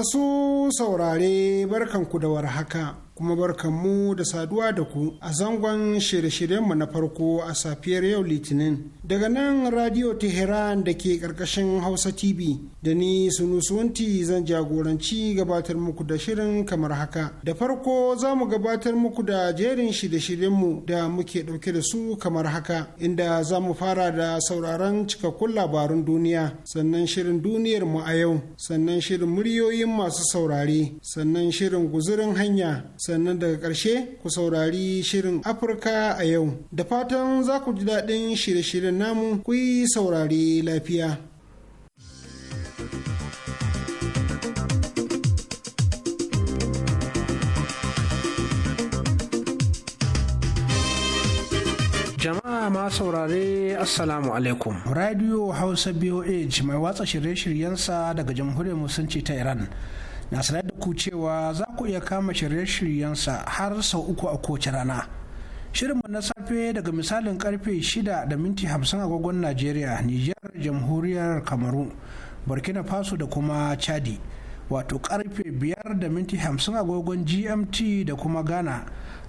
masu saurare barkanku da warhaka. kuma mu da saduwa da ku a zangon shirye-shiryenmu na farko a safiyar yau litinin daga nan radio teheran da ke karkashin hausa tv da ni sunusunti zan jagoranci gabatar muku da shirin kamar haka da farko za mu gabatar muku da jerin shirye-shiryenmu da muke ɗauke da su kamar haka inda za mu fara da sauraron cikakkun labarun duniya sannan shirin duniyar mu a yau sannan shirin muryoyin masu saurare sannan shirin guzurin hanya sannan daga ƙarshe ku saurari shirin afirka a yau da fatan za ku ji daɗin shirye-shiryen namu ku yi saurari lafiya Jama'a ma saurare Assalamu alaikum. Radio Hausa BOH mai watsa shirye-shiryensa daga Jamhuriyar Musulunci ta Iran na sanar da ku cewa za ku iya kama shirye-shiryensa har sau uku a kowace rana shirinmu na safe daga misalin karfe 6 da minti agogon najeriya nijar jamhuriyar kamaru burkina faso da kuma chadi wato karfe 5 da minti 50 agogon gmt da kuma ghana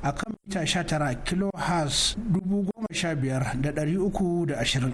a kan mita 19 kilohertz 15320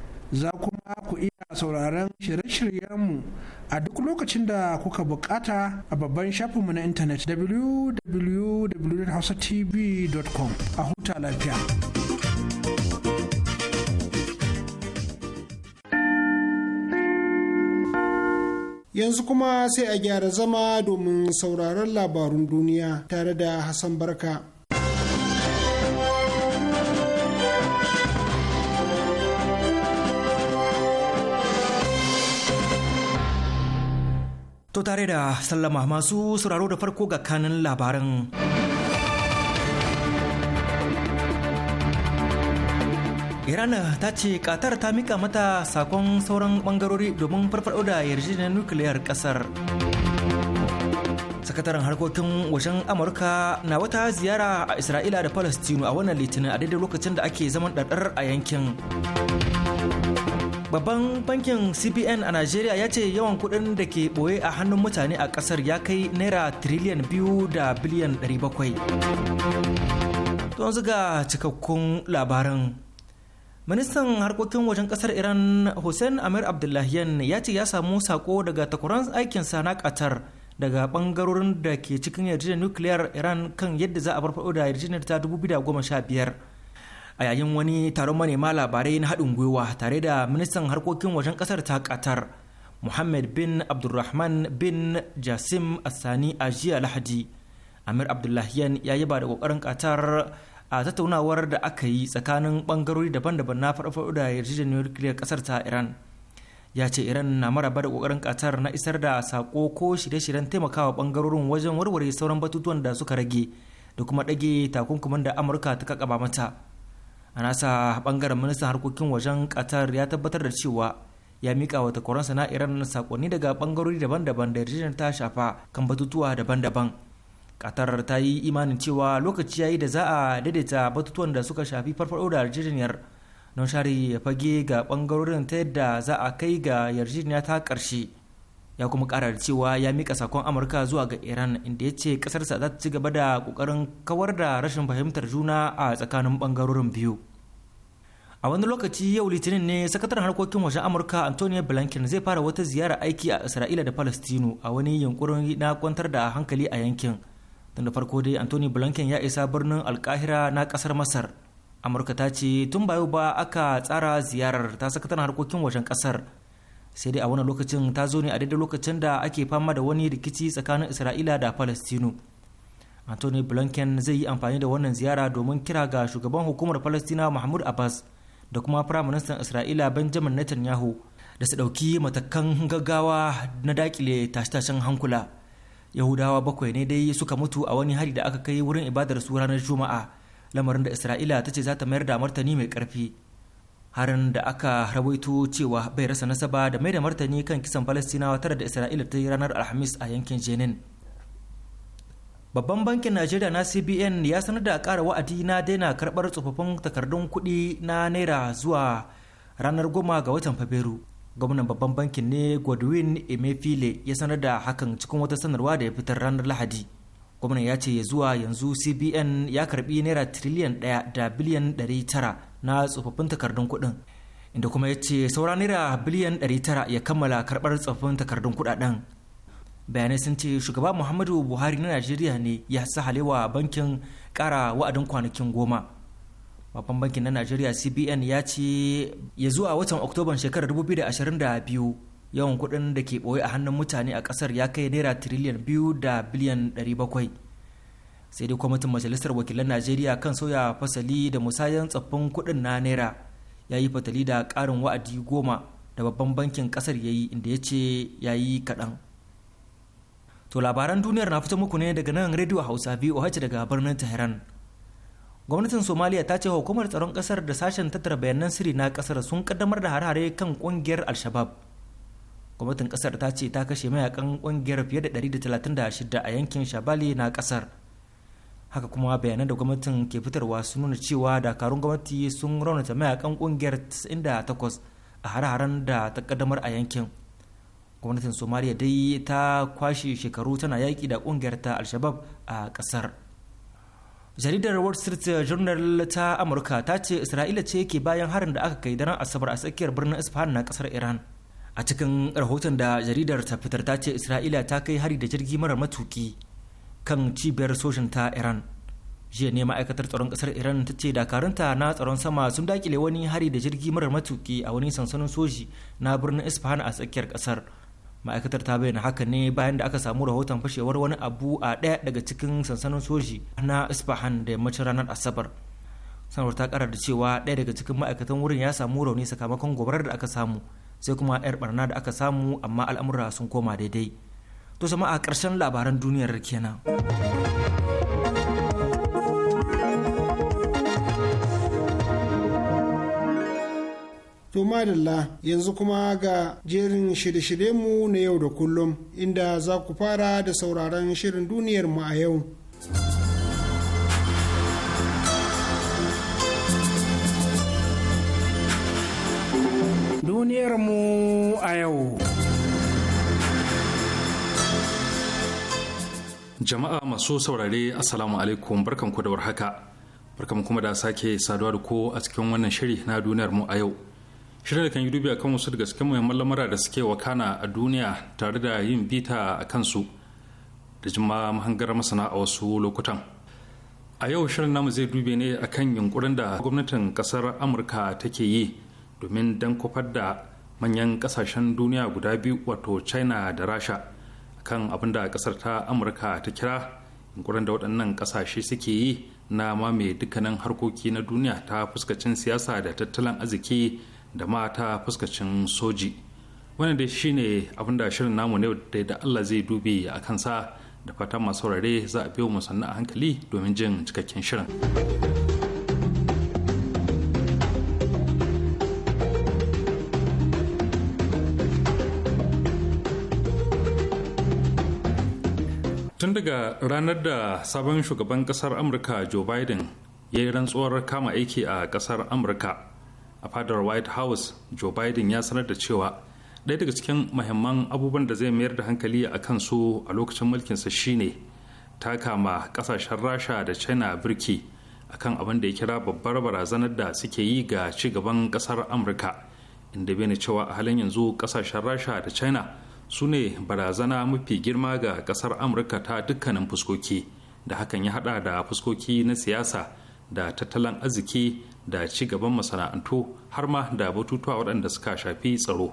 za kuma ku iya sauraron shirye-shiryenmu a duk lokacin da kuka bukata a babban shafinmu na intanet www.hausatv.com a huta lafiya. Yanzu kuma sai a gyara zama domin sauraron labarun duniya tare da Hassan Barka. To tare da sallama masu sauraro da farko ga kanin labaran. Iran ta ce Qatar ta mika mata sakon sauran bangarori domin farfado da yarjejeniyar nukiliyar kasar. Sakataren harkokin wajen Amurka na wata ziyara a Isra'ila da Falastinu a wannan litinin a daidai lokacin da ake zaman ɗaɗar a yankin. Babban bankin CBN a Najeriya ya ce yawan kuɗin da ke ɓoye a hannun mutane a ƙasar ya kai naira tiriliyan biyu da biliyan ɗari bakwai. Don ga cikakkun labaran. Ministan harkokin wajen ƙasar Iran Hussein Amir Abdullahian ya ce ya samu sako daga takwaran aikinsa na Qatar daga bangarorin da ke cikin yarjejeniyar nukiliyar Iran kan yadda za a farfado da yarjejeniyar ta 2015. a yayin wani taron manema labarai na haɗin gwiwa tare da ministan harkokin wajen ƙasar ta qatar muhammad bin abdulrahman bin jasim assani a jiya lahadi amir abdullahiyan ya yi ba da kokarin qatar a tattaunawar da aka yi tsakanin bangarori daban-daban na farfaɗo da yarjejeniyar nukiliyar ƙasar ta iran ya ce iran na maraba da kokarin qatar na isar da saƙo ko shirye-shiryen taimakawa bangarorin wajen warware sauran batutuwan da suka rage da kuma ɗage takunkumin da amurka ta kakaba mata a nasa bangaren ministan harkokin wajen qatar ya tabbatar da cewa ya mika wa takwaransa na iran sakonni daga bangarori daban-daban da yarjejeniyar ta shafa kan batutuwa daban-daban qatar ta yi imanin cewa lokaci ya yi da za a daidaita batutuwan da suka shafi farfado da yarjejeniyar don share fage ga bangarorin ta yadda za a kai ga yarjejeniya ta ƙarshe ya kuma kara cewa ya mika sakon amurka zuwa ga iran inda ya ce kasarsa za ta ci gaba da kokarin kawar da rashin fahimtar juna a tsakanin bangarorin biyu a wani lokaci yau litinin ne sakataren harkokin wajen amurka antonio blinken zai fara wata ziyara aiki a isra'ila da palestino a wani yunkurin na kwantar da hankali a yankin tun da farko dai antonio blinken ya isa birnin alkahira na kasar masar amurka ta ce tun bayo ba aka tsara ziyarar ta sakataren harkokin wajen kasar sai dai a wani lokacin ta zo ne a daidai lokacin da ake fama da wani rikici tsakanin isra'ila da palestino anthony blinken zai yi amfani da wannan ziyara domin kira ga shugaban hukumar palestina mahmud abbas da kuma firaministan isra'ila benjamin netanyahu da su ɗauki matakan gaggawa na dakile tashe-tashen hankula yahudawa bakwai ne dai suka mutu a wani hari da aka kai wurin ibadar su ranar juma'a lamarin da isra'ila ta ce za ta mayar da martani mai karfi. harin da aka rawaito cewa bai rasa nasaba da mai da martani kan kisan falastinawa tare da isra'ila ta yi ranar alhamis a yankin jenin babban bankin najeriya na cbn ya sanar da kara wa'adi na daina karɓar tsofaffin takardun kuɗi na naira zuwa ranar goma ga watan fabrairu gwamnan babban bankin ne godwin emefile ya sanar da hakan cikin wata sanarwa da ya fitar ranar lahadi gwamnan ya ce ya zuwa yanzu cbn ya karbi naira tiriliyan daya da biliyan dari tara na tsofaffin takardun kuɗin inda kuma ya ce saura naira biliyan ɗari tara ya kammala karbar tsofaffin takardun kuɗaɗen bayanai sun ce shugaba muhammadu buhari na najeriya ne ya sa halewa bankin kara wa'adin kwanakin goma babban bankin na najeriya cbn ya ce ya zuwa watan oktoban shekarar 2022 yawan kuɗin da ke ɓoye a hannun mutane a ƙasar ya kai naira tiriliyan biyu da biliyan ɗari bakwai sai dai kwamitin majalisar wakilan najeriya kan sauya fasali da musayan tsaffin kuɗin na naira ya yi fatali da ƙarin wa'adi goma da babban bankin ƙasar ya yi inda ya ce ya yi kaɗan to labaran duniyar na fito muku ne daga nan rediyo hausa voh daga birnin tehran gwamnatin somaliya ta ce hukumar tsaron ƙasar da sashen tattara bayanan sirri na ƙasar sun kaddamar da hare-hare kan ƙungiyar al-shabab gwamnatin kasar ta ce ta kashe mayakan kungiyar fiye da 136 a yankin shabali na kasar haka kuma bayanan da gwamnatin ke fitarwa sun nuna cewa dakarun gwamnati sun raunata mayakan kungiyar 98 a hare-haren da ta kaddamar a yankin gwamnatin somaliya dai ta kwashe shekaru tana yaƙi da kungiyar ta alshabab a kasar jaridar wall street journal ta amurka ta ce isra'ila ce ke bayan harin da aka kai daren asabar a tsakiyar birnin isfahan na kasar iran a cikin rahoton da jaridar ta fitar ta ce isra'ila ta kai hari da jirgi mara matuki kan cibiyar sojin ta iran jiya ne ma'aikatar tsaron kasar iran ta ce dakarunta na tsaron sama sun dakile wani hari da jirgi mara matuki a wani sansanin soji na birnin isfahan a tsakiyar kasar ma'aikatar ta bayyana haka ne bayan da aka samu rahoton fashewar wani abu a ɗaya daga cikin sansanin soji na isfahan da yammacin ranar asabar sanarwar ta kara da cewa ɗaya daga cikin ma'aikatan wurin ya samu rauni sakamakon gobarar da aka samu sai kuma 'yar barna da aka samu amma al'amura sun koma daidai to sama a ƙarshen labaran duniyar kenan To madalla yanzu kuma ga jerin shirye mu na yau da kullum inda za ku fara da sauraron shirin duniyar mu a yau. duniyarmu a yau. Jama'a masu saurare Assalamu alaikum barkanku da warhaka. Barkanku kuma da sake saduwa da ko a cikin wannan shiri na mu a yau. Shirin da kan yi dubi kan wasu daga cikin muhimman lamura da suke wakana a duniya tare da yin bita a kansu da jima mahangar masana a wasu lokutan. A yau shirin namu zai dube ne akan yunkurin da gwamnatin kasar Amurka take yi domin don kofar da manyan kasashen duniya guda biyu wato china da rasha kan abin da kasar ta amurka ta kira yunkurin da waɗannan kasashe suke yi na mame dukkanin harkoki na duniya ta fuskacin siyasa da tattalin arziki da ma ta fuskacin soji wannan dai shine abin da shirin namu ne da allah zai dube a kansa da fatan masu za a biyo mu sannan a hankali domin jin cikakken shirin. daga ranar da sabon shugaban kasar amurka joe biden ya yi rantsuwar kama aiki a kasar amurka a fadar white house joe biden ya sanar da cewa ɗaya daga cikin mahimman abubuwan da zai mayar da hankali a su a lokacin mulkinsa shine ta kama kasashen rasha da china birki akan abin da ya kira babbar barazanar da suke yi ga ci gaban kasar amurka inda bai cewa a halin yanzu kasashen rasha da china su ne barazana mafi girma ga kasar amurka ta dukkanin fuskoki da hakan ya hada da fuskoki na siyasa da tattalin arziki da ci gaban masana'antu har ma da batutuwa waɗanda suka shafi tsaro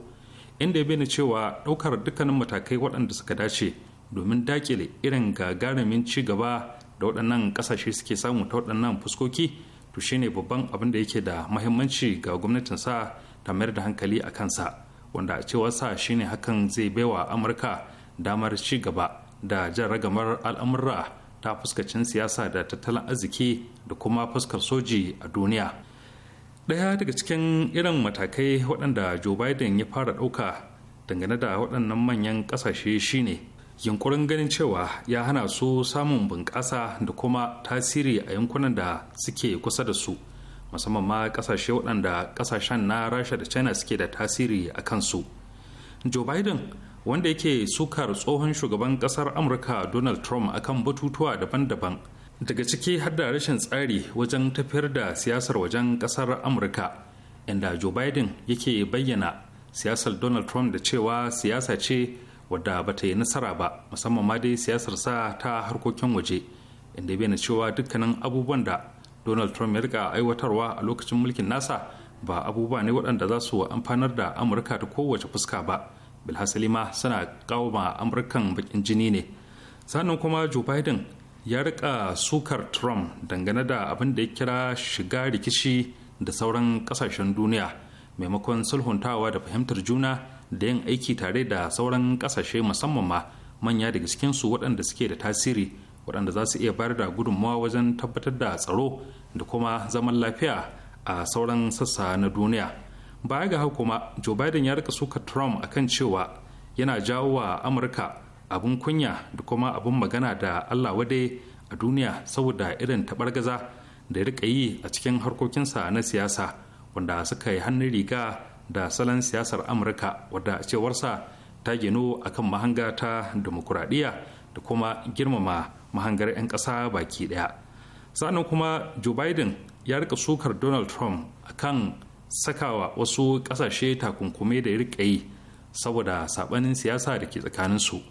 inda ya bayyana cewa ɗaukar dukkanin matakai waɗanda suka dace domin dakile irin gagarumin ci gaba da waɗannan ƙasashe suke samu ta waɗannan fuskoki to shine babban abin da yake da mahimmanci ga gwamnatin sa ta mayar da hankali a kansa wanda a cewar sa shine hakan zai baiwa amurka damar ci gaba da jan ragamar al'amurra ta fuskacin siyasa da tattalin arziki da kuma fuskar soji a duniya ɗaya daga cikin irin matakai waɗanda joe biden ya fara ɗauka dangane da waɗannan manyan ƙasashe shine yunkurin ganin cewa ya hana su samun bunƙasa da kuma tasiri a yankunan da suke kusa da su musamman ma kasashe waɗanda kasashen na rasha da china suke da tasiri a kansu joe biden wanda yake sukar tsohon shugaban kasar amurka donald trump akan batutuwa daban-daban daga ciki har da rashin tsari wajen tafiyar da siyasar wajen kasar amurka inda joe biden yake bayyana siyasar donald trump da cewa siyasa ce wadda ba ta yi nasara ba musamman ma dai siyasarsa ta harkokin waje inda yana cewa dukkanin abubuwan da donald trump ya rika aiwatarwa a lokacin mulkin nasa ba abubuwa ne waɗanda za su amfanar da amurka ta kowace fuska ba bilhassali ma suna kawo ma amurkan bakin jini ne sannan kuma joe biden ya rika sukar trump dangane da abin da ya kira shiga rikici da sauran kasashen duniya maimakon sulhuntawa da fahimtar juna da yin aiki tare da sauran kasashe musamman ma manya daga cikinsu waɗanda suke da tasiri waɗanda za su iya bayar da gudunmawa wajen tabbatar da tsaro da kuma zaman lafiya a sauran sassa na duniya baya ga haka kuma joe biden ya rika suka trump akan cewa yana jawo wa amurka abin kunya da kuma abin magana da allah wadai a duniya saboda irin taɓargaza da ya rika yi a cikin harkokinsa na siyasa wanda suka yi hannun riga da salon siyasar amurka wadda cewarsa ta gino akan mahanga ta dimokuraɗiyya da kuma girmama mahangar 'yan ƙasa baki ɗaya sannan kuma joe biden ya rika sukar donald trump a kan sakawa wasu kasashe takunkume da ya rika yi saboda sabanin siyasa da ke tsakanin su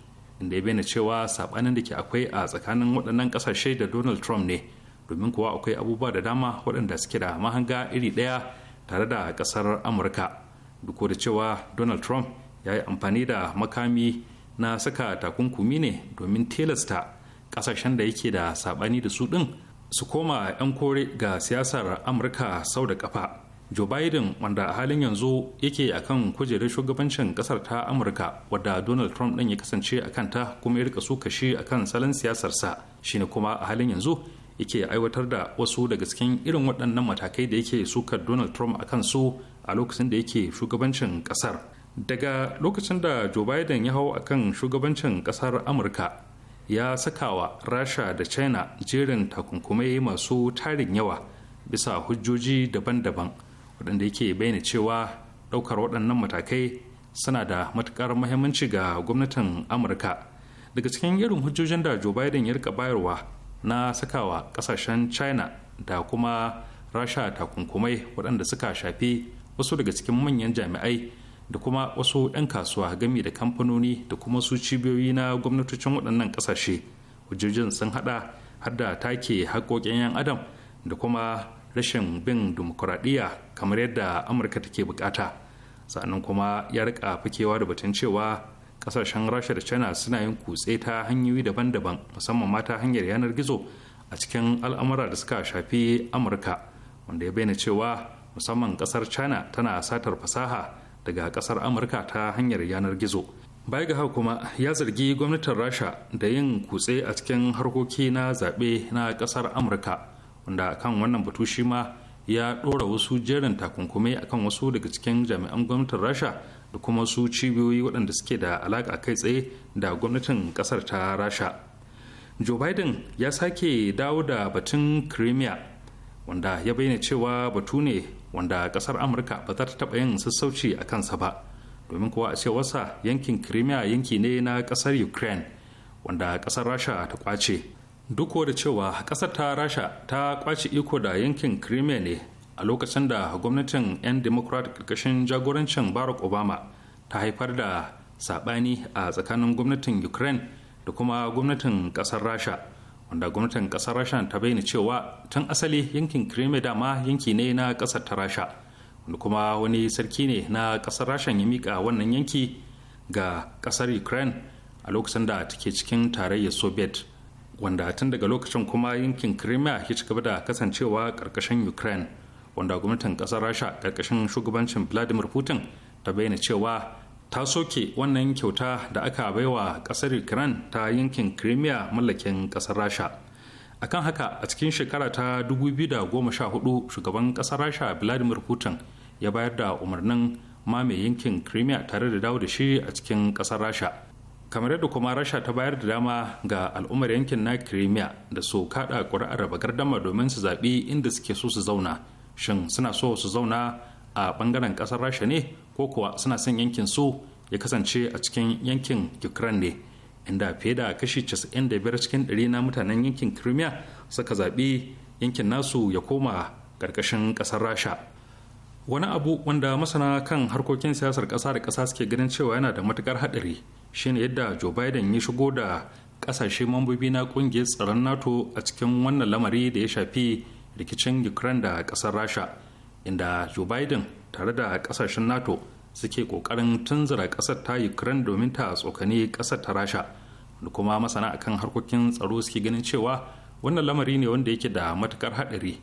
inda ya bayyana cewa sabanin da ke akwai a tsakanin waɗannan kasashe da donald trump ne domin kuwa akwai abubuwa da dama waɗanda suke da mahanga iri ɗaya tare da ƙasar amurka duk da cewa donald trump ya yi amfani da makami na saka takunkumi ne domin tilasta ƙasashen da yake da saɓani da su ɗin su koma 'yan kore ga siyasar amurka sau da kafa joe biden wanda a halin yanzu yake kan kujerar shugabancin kasar ta amurka wadda donald trump ɗin ya kasance a kan ta kuma ya rika su kashe kan salon siyasarsa shine kuma a halin yanzu yake aiwatar da wasu daga cikin irin waɗannan matakai da yake sukar donald trump a kan su a lokacin da yake shugabancin kasar daga lokacin da joe biden ya hau akan shugabancin kasar amurka ya sakawa rasha da china jerin takunkumai masu tarin yawa bisa hujjoji daban-daban waɗanda yake bayyana cewa ɗaukar waɗannan matakai suna da matuƙar muhimmanci ga gwamnatin amurka daga cikin irin hujjojin da joe biden ya rika bayarwa na sakawa ƙasashen china da kuma rasha takunkumai waɗanda suka shafi wasu daga cikin manyan jami'ai da kuma wasu 'yan kasuwa gami da kamfanoni da kuma su cibiyoyi na gwamnatocin waɗannan ƙasashe hujjojin sun haɗa har da take haƙoƙin 'yan adam da kuma rashin bin dimokuraɗiyya kamar yadda amurka take bukata sannan kuma ya rika fakewa da batun cewa ƙasashen rasha da china suna yin kutse ta hanyoyi daban-daban musamman ma ta hanyar yanar gizo a cikin al'amura da suka shafi amurka wanda ya bayyana cewa musamman ƙasar china tana satar fasaha daga kasar amurka ta hanyar yanar gizo baya ga haka kuma ya zargi gwamnatin rasha da yin kutse a cikin harkoki na zaɓe na kasar amurka wanda kan wannan batu shi ma ya ɗora wasu jerin takunkumi akan wasu daga cikin jami'an gwamnatin rasha da kuma su cibiyoyi waɗanda suke da alaƙa kai tsaye da gwamnatin ƙasar ta rasha joe biden ya sake dawo da batun crimea wanda ya bayyana cewa batu ne wanda kasar amurka ba ta taba yin sassauci a kansa ba domin kuwa a cewarsa yankin crimea yanki ne na kasar ukraine wanda kasar rasha ta kwace duk da cewa kasar ta rasha ta kwace iko da yankin kirimiya ne a lokacin da gwamnatin 'yan democrat karkashin jagorancin barack obama ta haifar da saɓani a tsakanin gwamnatin ukraine da kuma gwamnatin kasar rasha wanda gwamnatin kasar rasha ta bayyana cewa tun asali yankin crimea dama yanki ne na kasar ta rasha wanda kuma wani sarki ne na kasar rasha ya mika wannan yanki ga kasar ukraine a lokacin da take cikin tarayyar soviet wanda tun daga lokacin kuma yankin crimea ya ci gaba da kasancewa karkashin ukraine wanda gwamnatin kasar rasha karkashin shugabancin vladimir putin ta bayyana cewa ta soke wannan kyauta da aka baiwa kasar ukraine ta yankin crimea mallakin kasar rasha akan haka a cikin shekara ta 2014 shugaban kasar rasha vladimir putin ya bayar da umarnin mame yankin crimea tare da dawo da shi a cikin kasar rasha kamar yadda kuma rasha ta bayar da dama ga al'ummar yankin na crimea da su kada kuri'ar raba gardama domin su zaɓi inda suke so su zauna shin suna so su zauna a ɓangaren ƙasar rasha ne ko kuwa suna son yankin su ya kasance a cikin yankin ukraine ne inda fiye da kashi 95 cikin 100 na mutanen yankin crimea suka zaɓi yankin nasu ya koma ƙarƙashin ƙasar rasha wani abu wanda masana kan harkokin siyasar ƙasa da ƙasa suke ganin cewa yana da matuƙar haɗari shine yadda joe biden ya shigo da ƙasashe mambobi na ƙungiyar tsaron nato a cikin wannan lamari da ya shafi rikicin ukraine da ƙasar rasha inda joe biden tare da kasashen nato suke kokarin tunzura kasar ta ukraine domin ta tsokane kasar ta rasha wanda kuma masana akan harkokin tsaro suke ganin cewa wannan lamari ne wanda yake da matukar haɗari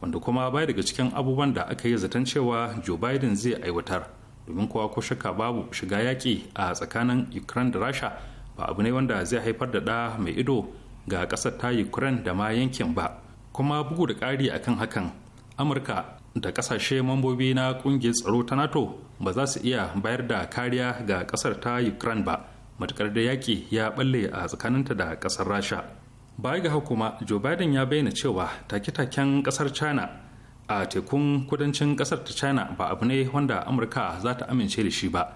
wanda kuma baya daga cikin abubuwan da aka yi zaton cewa joe biden zai aiwatar domin kowa ko shakka babu shiga yaƙi a tsakanin ukraine da rasha ba abu ne wanda zai haifar da ɗa mai ido ga kasar ta ukraine da ma yankin ba kuma bugu da ƙari akan hakan amurka da kasashe mambobi na kungiyar tsaro ta nato ba za su iya bayar da kariya ga kasar ta ukraine ba matukar da yaki ya balle a tsakaninta da kasar rasha baya ga kuma joe biden ya bayyana cewa take-taken kasar china a tekun kudancin kasar ta china ba abu ne wanda amurka za ta amince da shi ba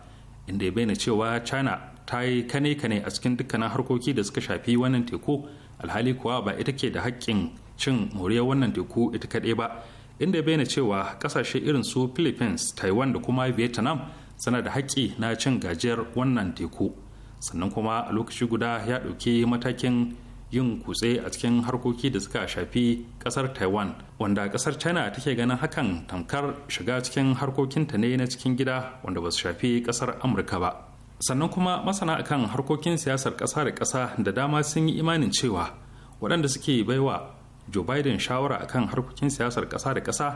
inda ya bayyana cewa china ta yi kane-kane a cikin dukkanin harkoki da suka shafi wannan teku alhali kuwa ba ita ke da haƙƙin cin moriyar wannan teku ita kaɗai ba inda ya bayyana cewa kasashe irin su philippines taiwan da kuma vietnam suna da haƙƙi na cin gajiyar wannan teku sannan kuma a lokaci guda ya ɗauki matakin yin kutse a cikin harkoki da suka shafi ƙasar taiwan wanda ƙasar china take ganin hakan tamkar shiga cikin harkokinta ne na cikin gida wanda ba su shafi ƙasar amurka ba sannan kuma masana akan harkokin siyasar ƙasa da ƙasa da dama sun yi imanin cewa waɗanda suke baiwa joe biden shawara akan harkokin siyasar ƙasa da ƙasa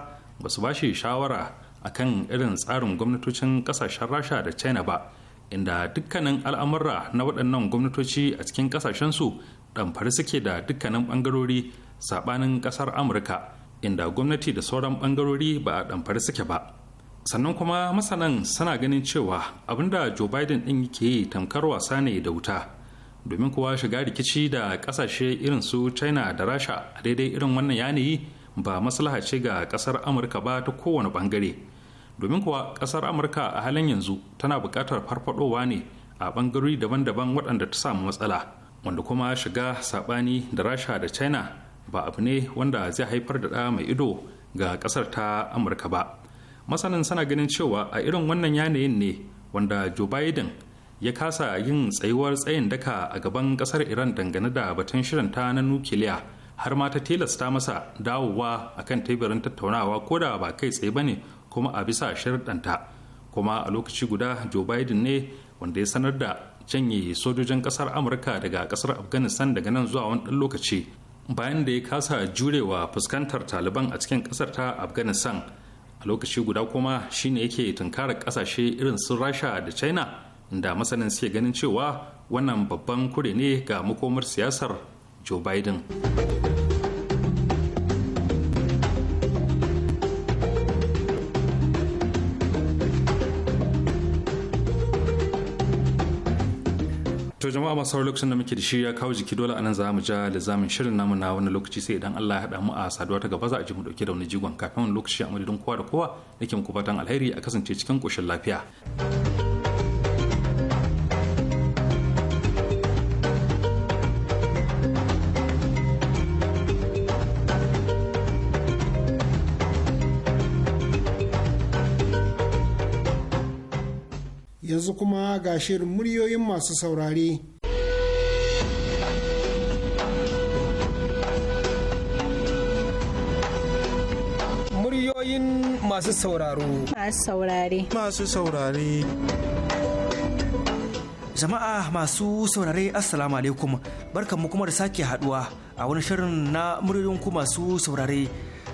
ba su bashi shawara akan irin tsarin gwamnatocin ƙasashen rasha da china ba inda dukkanin al'amurra na waɗannan gwamnatoci a cikin ƙasashensu ɗamfari suke da dukkanin ɓangarori saɓanin ƙasar amurka inda gwamnati da sauran ɓangarori ba a ɗamfari suke ba sannan kuma masanan suna ganin cewa abinda joe biden ɗin yake tamkar wasa ne da wuta domin kuwa shiga rikici da kasashe irin su china da rasha a daidai irin wannan yanayi ba maslaha ce ga kasar amurka ba ta kowane bangare domin kuwa kasar amurka a halin yanzu tana bukatar farfadowa ne a bangarori daban-daban waɗanda ta samu matsala wanda kuma shiga saɓani da rasha da china ba abu ne wanda zai haifar da ɗa mai ido ga kasar ta amurka ba masanin sana ganin cewa a irin wannan yanayin ne wanda joe biden ya kasa yin tsayuwar tsayin daka a gaban kasar iran dangane da batun shirin ta na nukiliya har ma ta tilasta masa dawowa akan teburin tattaunawa ko da ba kai tsaye bane kuma a bisa sharɗanta kuma a lokaci guda joe biden ne wanda ya sanar da canye sojojin kasar amurka daga kasar afghanistan daga nan zuwa wani ɗan lokaci bayan da ya kasa jurewa fuskantar taliban a cikin kasar ta afghanistan a lokaci guda kuma shine yake tunkarar kasashe irin su rasha da china da masanin suke ganin cewa wannan babban kure ne ga makomar siyasar joe biden to jama'a masu sauran lokacin da muke da shi ya kawo jiki dole anan za mu ja da zamin shirin namu na wani lokaci sai idan Allah ya haɗa mu a saduwa ta gaba za a ji mu dauke da wani jigon kafin wani lokaci a madadin kowa da kowa nake muku fatan alheri a kasance cikin koshin lafiya. yanzu kuma ga shirin muryoyin masu saurare. Muryoyin masu sauraro. Masu saurare. Masu saurare. Jama'a masu saurare Assalamu alaikum barkanmu kuma da sake haduwa a wani shirin na muryoyin ku masu saurare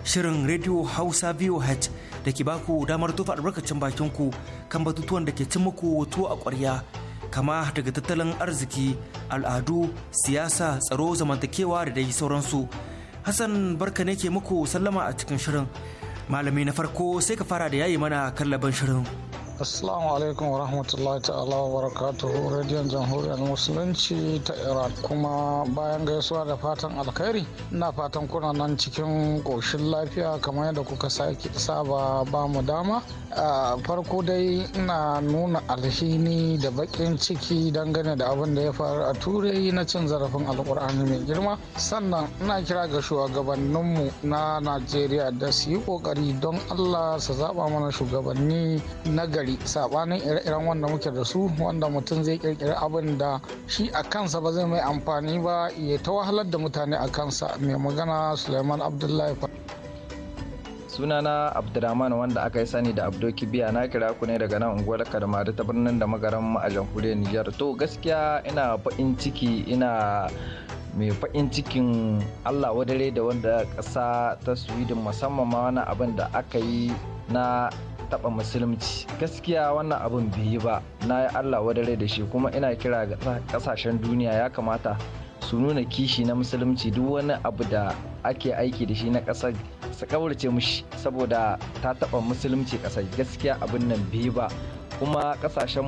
shirin Radio Hausa VOH da ke baku damar tufa albarkacin bakin ku kan batutuwan da ke cin muku wato a ƙwarya kama daga tattalin arziki al'adu siyasa tsaro zamantakewa da dai sauransu hassan barka ne ke muku sallama a cikin shirin malami na farko sai ka fara da yayi mana kallaban shirin Assalamu alaikum wa rahmatullahi ta'ala wa barakatuhu radiyon jamhuriyar musulunci ta Iran kuma bayan gaisuwa da fatan alkhairi ina fatan kuna nan cikin ƙoshin lafiya kamar yadda kuka sake saba ba mu dama farko dai ina nuna alhini da baƙin ciki dangane da abin da ya faru a turai na cin zarafin alkur'ani mai girma sannan ina kira ga shugabanninmu na najeriya da su yi ƙoƙari don allah su zaɓa mana shugabanni na gari al'amari sabanin ire-iren wanda muke da su wanda mutum zai kirkiri abin da shi a kansa ba zai mai amfani ba ya ta wahalar da mutane a kansa mai magana suleiman abdullahi sunana abdulrahman wanda aka yi sani da abdoki kibiya na kira ku ne daga nan unguwar kadamari ta birnin da magaran a jamhuriyar nijar to gaskiya ina baƙin ciki ina mai faɗin cikin allah wadare da wanda ƙasa ta sweden musamman ma wani abin da aka yi na taɓa musulunci gaskiya wannan abun bai ba na yi allah wadare da shi kuma ina kira ga ƙasashen duniya ya kamata su nuna kishi na musulunci duk wani abu da ake aiki da shi na ƙasar su kaurace mushi saboda ta taɓa musulunci ƙasar gaskiya abin nan bai ba kuma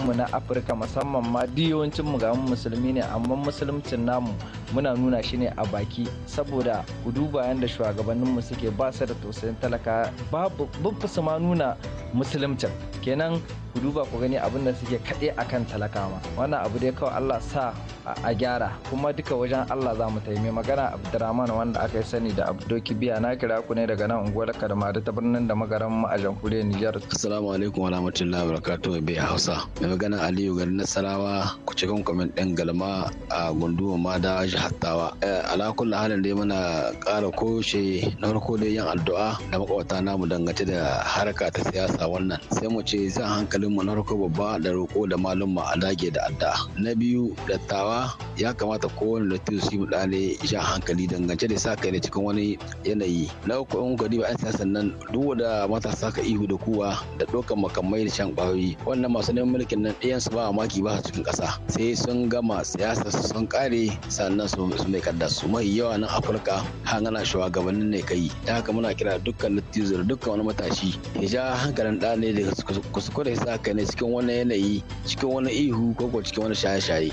mu na afirka musamman ma yawancin mu gamin musulmi ne amma musuluncin namu muna nuna shi ne a baki saboda ku duba yadda shugabanninmu suke ba su da tausayin talaka babu su ma nuna musulunci kenan ku duba ku gani abin da suke kaɗe akan talakawa wannan abu dai kawai Allah sa a gyara kuma duka wajen Allah za mu taimi magana Abdurrahman wanda aka yi sani da Abdoki Biya na kira ku ne daga nan unguwar Kadamari ta birnin da magaran a jamhuriyar Nijar. Assalamu alaikum wa rahmatullahi wa barakatuh bai Hausa. Mai magana Aliyu garin Nasarawa ku ci kan kwamin ɗin galma a gunduma ma da jihattawa. Eh, ala kullu halin dai muna ƙara koshe na farko dai yin addu'a da makwabta namu dangance da harka ta siyasa matasa wannan sai mu ce zan hankalin mu na farko babba da roko da malum ma a dage da adda na biyu dattawa ya kamata kowane da tiyo su mutane jan hankali dangance da sa kai da cikin wani yanayi na uku in gari ba an sannan duk da matasa ka ihu da kuwa da ɗaukan makamai da shan ƙwayoyi wannan masu neman mulkin nan ɗayan su ba maki ba cikin ƙasa sai sun gama siyasa sun kare sannan su mai kadda su mai yawa nan afirka hangana shugabannin ne kai da haka muna kira dukkan littizar dukkan wani matashi ya ja hankalin wannan ɗa ne da kuskure sa ka ne cikin wani yanayi cikin wani ihu ko cikin wani shaye-shaye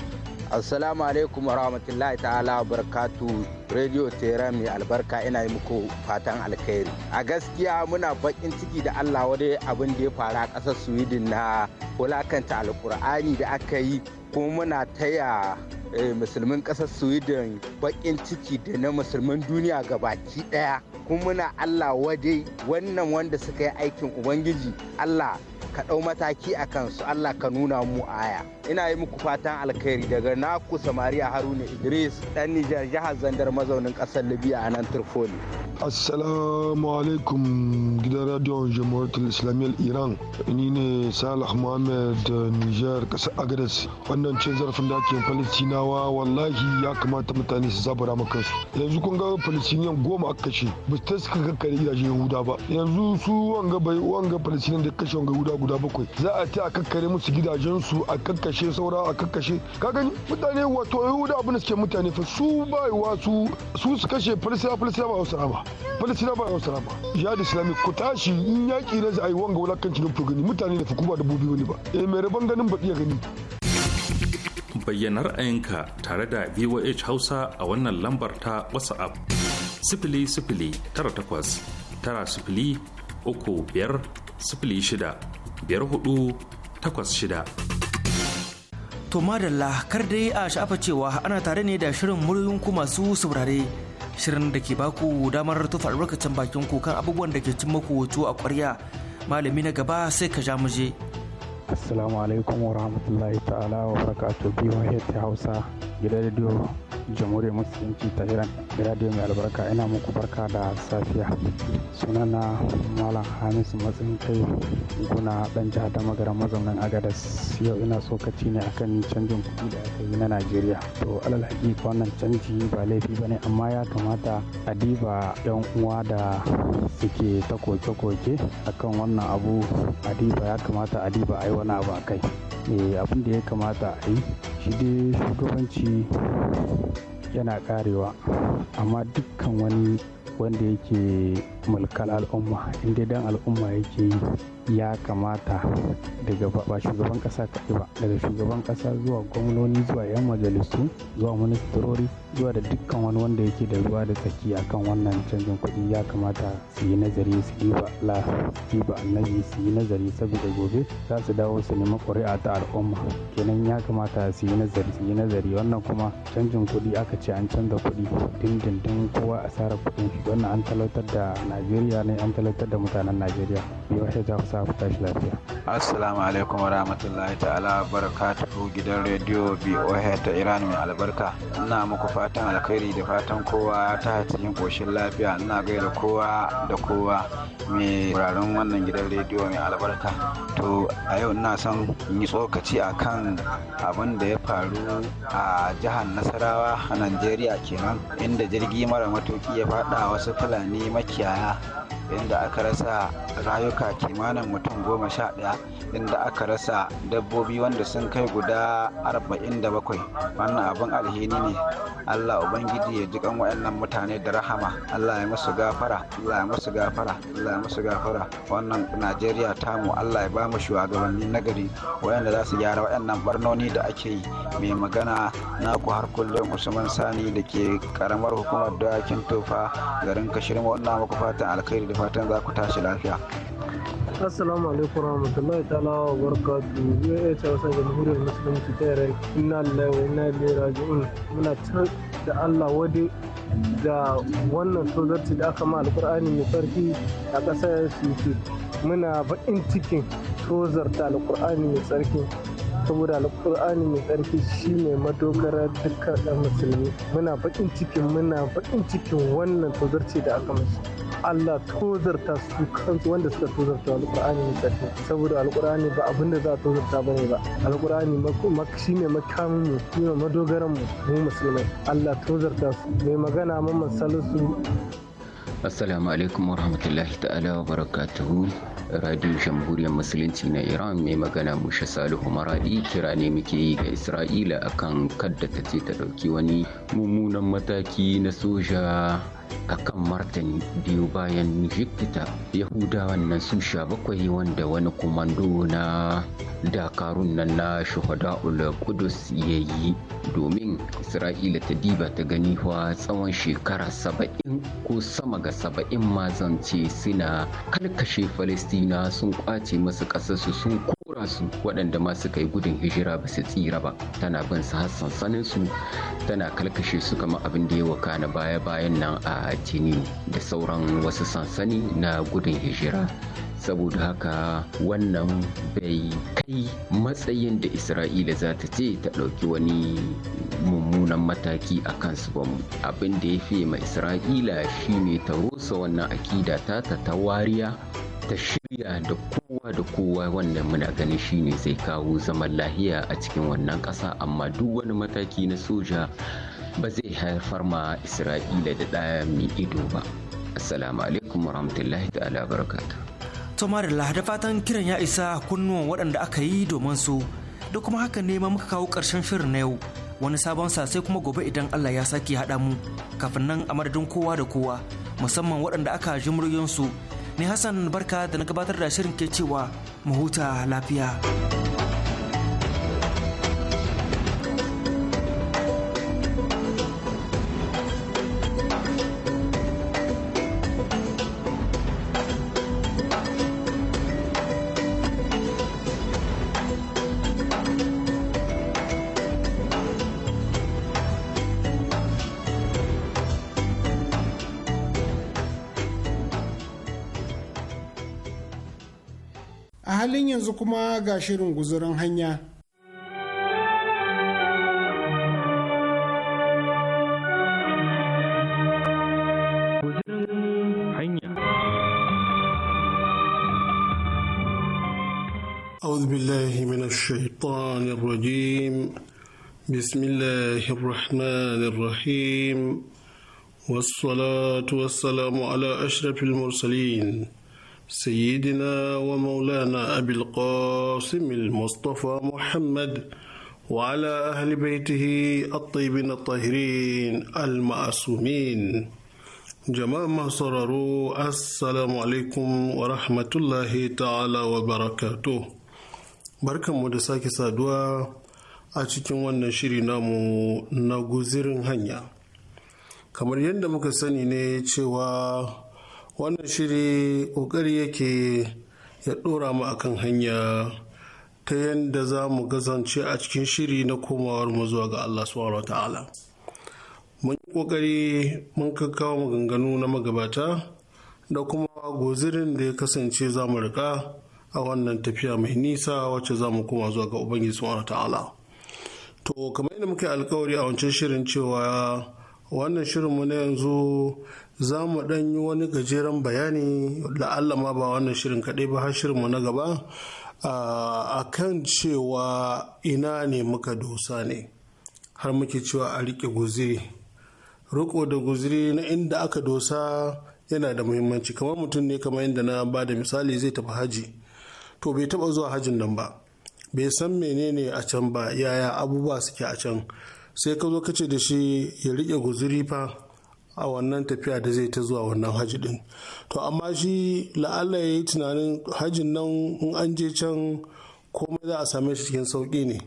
assalamu alaikum warahmatullahi ta'ala barkatu radio tera mai albarka ina yi muku fatan alkhairi a gaskiya muna bakin ciki da allah wadai abin da ya faru a ƙasar sweden na wulakanta alkur'ani da aka yi kuma muna taya eh, musulmin ƙasar sweden baƙin ciki da na musulmin duniya ga baki ɗaya kuma muna allah wadai wannan wanda suka yi aikin ubangiji allah ka ɗau mataki a kansu Allah ka nuna mu aya ina yi muku fatan alkhairi daga naku samariya haruna idris dan nijar jihar zandar mazaunin ƙasar libya a nan turfoli assalamu alaikum gidan radio jamhuriyar islamiyyar iran ni ne salah muhammad eh, nijar ƙasar agres wannan cin zarafin da ake falistinawa wallahi ya kamata mutane su zabara maka su yanzu kun ga falistiniyan goma aka kashe ba su ta suka kakkare gidajen yahuda ba yanzu su wanga bai wanga falistiniyan da kashe wanga yahuda guda bakwai za a ta a kakkare musu gidajensu a kakkashe saura a kakkashe ka gani mutane wato yahuda abin da suke mutane fa su baiwa su su su kashe falisira falisira ba hausa ba falisira ba hausa ba jihad islamic ku tashi in yaki ne a yi wanga wulakanci don gani mutane da fuku ba da bobi wani ba eh mai rabon ganin ba iya gani bayyanar ayinka tare da voh hausa a wannan lambar ta whatsapp sifili sifili tara takwas tara sifili uku biyar sifili shida 5486. To madalla kar dai a sha'afa cewa ana tare ne da shirin muryoyin ku masu saurare shirin da ke baku damar tufa albarkacin bakin ku kan abubuwan da ke cin muku wato a ƙwarya malami na gaba sai ka ja muje Assalamu alaikum wa rahmatullahi ta'ala wa barakatuh biyu hausa gidan rediyo jamhuriyar musulunci ta iran radio mai albarka ina muku barka da safiya suna na malam hamis matsin kai guna dan jihar magara mazaunan agadas yau ina tsokaci ne akan canjin kuɗi da aka yi na najeriya to alal hakika wannan canji ba laifi ba ne amma ya kamata a diba yan uwa da suke ta koke-koke akan wannan abu a diba ya kamata a diba a yi wani abu a kai Eh, abin da ya kamata a yi shi dai shugabanci yana karewa amma dukkan wani wanda yake mulkar al'umma inda dan al'umma yake yi ya kamata daga ba shugaban kasa kaɗai ba daga shugaban kasa zuwa gwamnoni zuwa 'yan majalisu zuwa ministrori zuwa da dukkan wani wanda yake da ruwa da tsaki kan wannan canjin kuɗi ya kamata su yi nazari su ba la su ba annabi su yi nazari saboda gobe za su dawo su nemi ƙuri'a ta al'umma kenan ya kamata su yi nazari su yi nazari wannan kuma canjin kuɗi aka ce an canza kuɗi dindindin kowa sara kuɗin shi wannan an talautar da najeriya ne an talautar da mutanen najeriya yau ta sa tashi lafiya assalamu alaikum wa rahmatullahi ta'ala barakatuhu gidan rediyo BOH ta Iran mai albarka ina muku fatan alkhairi da fatan kowa ta cikin koshin lafiya ina gaida kowa da kowa mai wuraren wannan gidan rediyo mai albarka to a yau ina son yi tsokaci akan abin da ya faru a jihar Nasarawa a Najeriya kenan inda jirgi mara matuki ya faɗa wasu Fulani makiyaya inda aka rasa rayuka kimanin mutum goma sha ɗaya inda aka rasa dabbobi wanda sun kai guda arba'in da bakwai wannan abin alhini ne allah ubangiji ya ji wa'annan mutane da rahama allah ya musu gafara allah ya musu gafara allah ya musu gafara wannan najeriya tamu allah ya ba mu shugabanni nagari wayanda za su gyara wa'annan barnoni da ake yi mai magana na ku har kullum usman sani da ke karamar hukumar dakin tofa garin kashirin wannan muku fatan alkhairi da fatan za ku tashi lafiya. assalamu alaikum warahmatullahi ta'ala wa barakatu zai ta wasa ga jamhuriyar musulunci ta yare ina lillahi wa inna ilaihi raji'un muna can da Allah wadi da wannan sojarci da aka ma alƙur'ani mai sarki a ƙasar Sisi muna baƙin cikin tozar sozarta alƙur'ani mai sarki saboda alƙur'ani mai tsarki shi ne madogara dukkan ɗan musulmi muna baƙin cikin muna baƙin cikin wannan tozarci da aka mashi Allah tozarta su kansu wanda suka tozarta alƙur'ani mai tsarki saboda alƙur'ani ba abin da za a tozarta ba ne ba alƙur'ani shi ne makamin mu shi ne madogaran mu mu musulmai Allah tozarta su mai magana mamman salisu Assalamu alaikum rahmatullahi ta'ala wa barakatuhu Radio Jamhuriyar Musulunci na Iran mai magana Musha Salihu Maradi kira ne muke yi ga Isra'ila akan kadda ta ce ta ɗauki wani mummunan mataki na soja akan martani biyu bayan jikita yahudawan nan sun sha bakwai wanda wani komando na dakarun nan na shuhada'ul kudus ya yi domin isra'ila ta diba ta gani wa tsawon shekara saba'in ko sama ga saba'in mazance suna kalkashe falistina sun kwace masu ƙasarsu sun kora su waɗanda ma suka yi gudun hijira ba su tsira ba tana bin su har sansanin su tana kalkashe su kamar abin da ya waka na baya bayan nan a tini da sauran wasu sansani na gudun hijira saboda haka wannan bai kai matsayin da isra'ila za ta ce ta ɗauki wani mummunan mataki a kansu ba abin da ya fiye ma isra'ila shine ta rusa wannan akida ta ta wariya ta shirya da kowa da kowa wannan muna ganin shine zai kawo zaman lahiya a cikin wannan kasa amma duk wani mataki na soja ba zai haifar ma isra'ila da ɗaya mai ido ba assalamu alaikum warahmatullahi ta'ala barakatuh to da fatan kiran ya isa kunnuwan waɗanda aka yi domin su da kuma haka ne ma muka kawo karshen shirin na yau wani sabon sa sai kuma gobe idan Allah ya sake haɗa mu kafin nan a madadin kowa da kowa musamman waɗanda aka ji muryoyinsu ni hassan barka da na gabatar da shirin ke cewa mahuta lafiya yanzu kuma ga shirin guzurin hanya. أعوذ بالله من الشيطان الرجيم بسم الله الرحمن الرحيم والصلاة والسلام على أشرف المرسلين سيدنا ومولانا أبي القاسم المصطفى محمد وعلى أهل بيته الطيبين الطاهرين المعصومين جماعة مصرروا السلام عليكم ورحمة الله تعالى وبركاته بركة مدساكي سادوا أتكين ونشيري نامو نغزيرن هنيا kamar yadda muka sani ne cewa wannan shiri kokari yake ya ɗora mu akan hanya ta yadda za mu kasance a cikin shiri na komawar mu zuwa ga Allah subhanahu ta'ala mun yi ƙoƙari mun kakkawa maganganu na magabata da kuma gozirin da ya kasance za mu rika a wannan tafiya mai nisa wacce za mu koma zuwa ga ubangiji subhanahu ta'ala to kamar yadda muka alkawari a wancan shirin cewa wannan shirin mu na yanzu za mu ɗan yi wani gajeren bayani la'alla ma ba wannan shirin kaɗai ba har shirinmu na gaba a kan cewa ina ne muka dosa ne har muke cewa a riƙe guziri riƙo da guziri na inda aka dosa yana da muhimmanci kamar mutum ne kamar inda na ba da misali zai tafi haji to bai taɓa zuwa hajin nan ba bai san menene a can ba yaya abubuwa suke a can sai ka zo ka ce da shi ya riƙe guziri fa a wannan tafiya da zai ta zuwa wannan hajji din to amma shi la'alla ya yi tunanin hajin nan in an je can komai za a same shi cikin sauƙi ne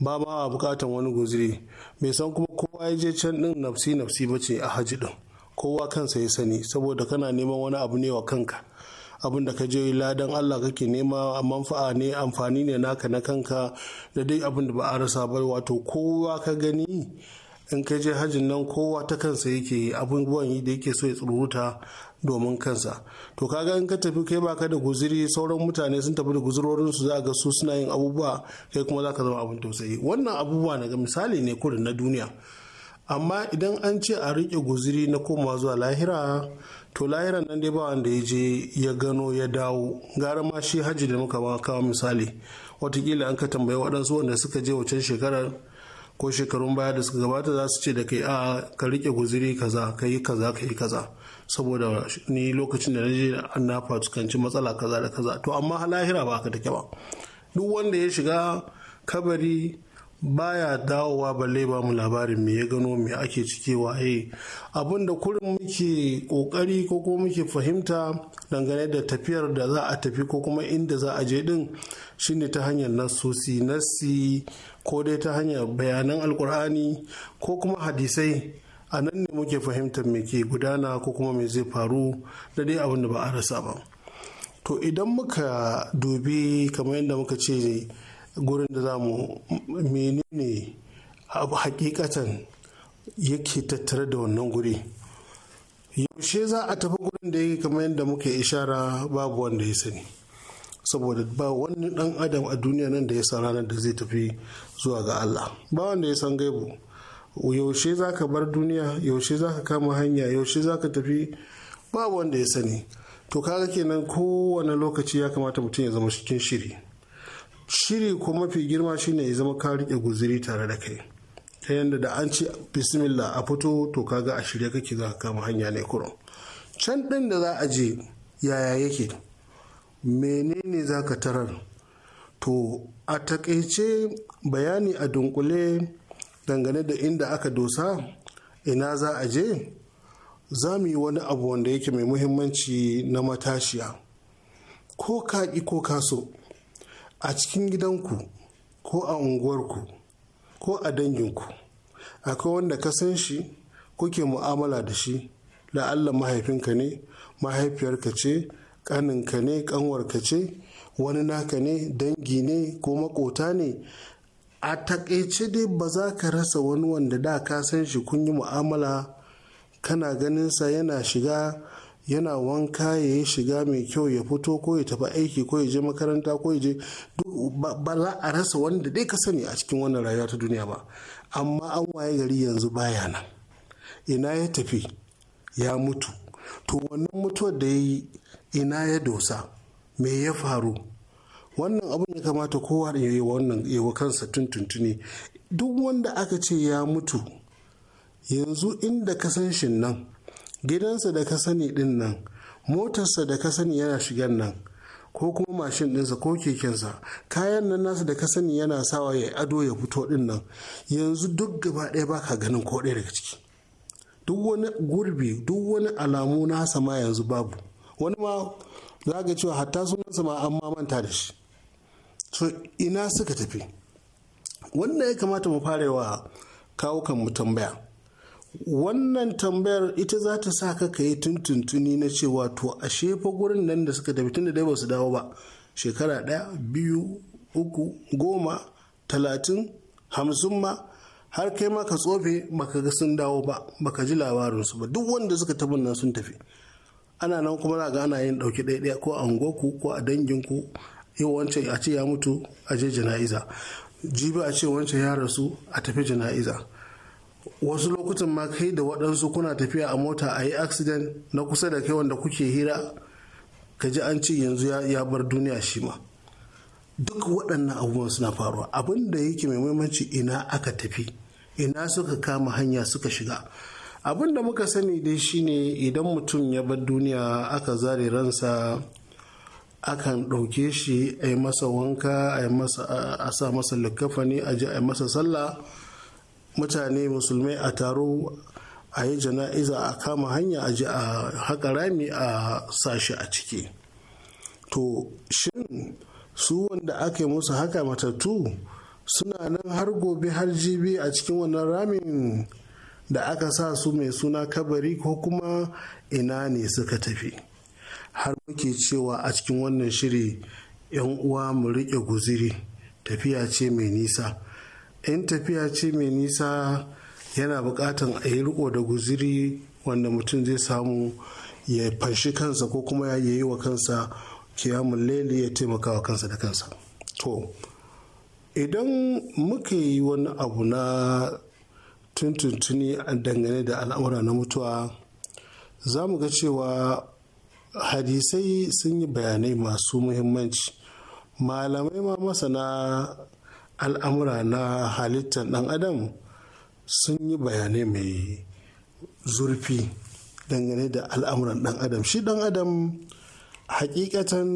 ba ma a bukatan wani guziri bai san kuma kowa ya je can din nafsi nafsi ba ce a hajji din kowa kansa ya sani saboda kana neman wani abu ne wa kanka abin da ka je ladan Allah kake nema manfa'a ne amfani ne naka na kanka da dai abin da ba a rasa ba wato kowa ka gani in kai je hajjin nan kowa ta kansa yake abubuwan yi da yake so ya tsuruta domin kansa to kaga in ka tafi kai baka da guziri sauran mutane sun tafi da guzurorin su za ga su suna yin abubuwa kai kuma zaka zama abin tausayi wannan abubuwa na misali ne kurin na duniya amma idan an ce a rike guziri na komawa zuwa lahira to lahira nan dai ba wanda ya je ya gano ya dawo gara ma shi hajji da muka kawo misali watakila an ka tambayi waɗansu wanda suka je wacan shekarar ko shekarun baya da suka gabata za su ce da kai a ka rike guziri kaza ka yi kaza ka yi kaza saboda ni lokacin da na je an na fatukanci matsala kaza da kaza to amma lahira ba ka take ba duk wanda ya shiga kabari baya dawowa balle ba mu labarin me ya gano me ake wa eh abin da kurin muke kokari ko kuma muke fahimta dangane da tafiyar da za a tafi ko kuma inda za a je din shine ta hanyar nasosi nasi ko dai ta hanyar bayanan alkur'ani ko kuma hadisai a nan ne muke fahimtar me ke gudana ko kuma me zai faru da dai abin da ba a rasa ba to idan muka dubi kamar yadda muka ce gurin da za mu menene abu hakikatan yake tattare da wannan guri yaushe za a tafi gurin da yake kamar yadda muke ishara babu wanda ya sani saboda ba wani dan adam a duniya nan da ya san ranar da zai tafi zuwa ga Allah ba wanda ya san gaibu yaushe za ka bar duniya yaushe za ka kama hanya yaushe za ka tafi babu wanda ya sani to kaga kenan kowane lokaci ya kamata mutum ya zama cikin shiri shiri ko mafi girma shine ya zama ka riƙe guziri tare da kai ta yadda da an ce bismillah a fito to ka ga a shirye kake za ka kama hanya ne kurum can ɗin da za a je yaya yake menene za ka tarar to a taƙaice bayani a dunkule dangane da inda aka dosa ina za a je za mu yi wani abu wanda yake mai muhimmanci na matashiya ko ka ko ka so a cikin gidanku ko a unguwarku ko a danginku akwai wanda ka san shi kuke mu'amala da shi la'alla mahaifinka ne mahaifiyarka ce ƙaninka ne ƙanwarka ce wani naka ne dangi ne ko makota ne a takaice dai ba za ka rasa wani wanda da ka san shi kun yi mu'amala kana ganin ganinsa yana shiga yana wanka ya yi shiga mai kyau ya fito ko ya tafi aiki ko ya je makaranta ko ya je ba za a rasa wanda dai ka sani a cikin wannan rayuwa ta duniya ba amma an waye gari yanzu baya nan ina ya tafi ya mutu to wannan mutuwar da ya yi ina ya dosa me ya faru wannan abin ya kamata kowa ya yi wannan yawa kansa tuntuntuni duk wanda aka ce ya mutu yanzu inda ka san shin nan gidansa da ka sani din nan motarsa da ka sani yana shigan nan ko kuma mashin ɗinsa ko kekensa kayan nan nasa da ka sani yana sawa ya ado ya fito ɗin nan yanzu duk gaba ɗaya ba ka ganin ko ɗaya daga ciki duk wani gurbi duk wani alamu nasa ma yanzu babu wani ma za ga cewa hatta sunansa ma an manta da shi so ina suka tafi wannan ya kamata mu fara kawo kan mu tambaya wannan tambayar ita za ta sa ka ka yi tuntuntuni na cewa to ashe shefa gurin nan da suka tafi tun da dai ba su dawo ba shekara ɗaya biyu uku goma talatin hamsin ma har kai ma ka tsofe baka ga sun dawo ba baka ji labarinsu ba duk wanda suka tafi nan sun tafi ana nan kuma za ga ana yin ɗauki ɗaya ko a unguwarku ko a danginku yi wancan a ce ya mutu a je jana'iza jibi a ce wancan ya rasu a tafi jana'iza wasu lokutan ma kai da waɗansu kuna tafiya a mota a yi accident na kusa da kai wanda kuke hira ka ji an ce yanzu ya bar duniya shi ma duk waɗannan abubuwan suna faruwa abin da yake mai muhimmanci ina aka tafi ina suka kama hanya suka shiga abin da muka sani dai shine idan mutum ya bar duniya aka zare ransa akan ɗauke shi a yi masa wanka a sa masa likkafani a ji a yi masa sallah mutane musulmai a taro a yi jana'iza a kama hanya a ji a haƙa rami a sashi a ciki to shin su wanda aka yi musu haka matattu suna nan har gobe har jibi a cikin wannan ramin da aka sa su mai suna kabari ko kuma ina ne suka tafi har muke cewa a cikin wannan shiri 'yan uwa mu riƙe guziri tafiya ce mai nisa in tafiya ce mai nisa yana buƙatan a yi riko da guziri wanda mutum zai samu ya fanshi kansa ko kuma ya yi wa kansa kiyamun laili ya taimaka wa kansa da kansa to idan muka yi wani abu na tuntuntuni a dangane da al'amura na mutuwa za mu ga cewa hadisai sun yi bayanai masu muhimmanci malamai ma masana al'amura na halittar ɗan adam sun yi bayanai mai zurfi dangane da al'amuran ɗan adam shi ɗan adam hakikatan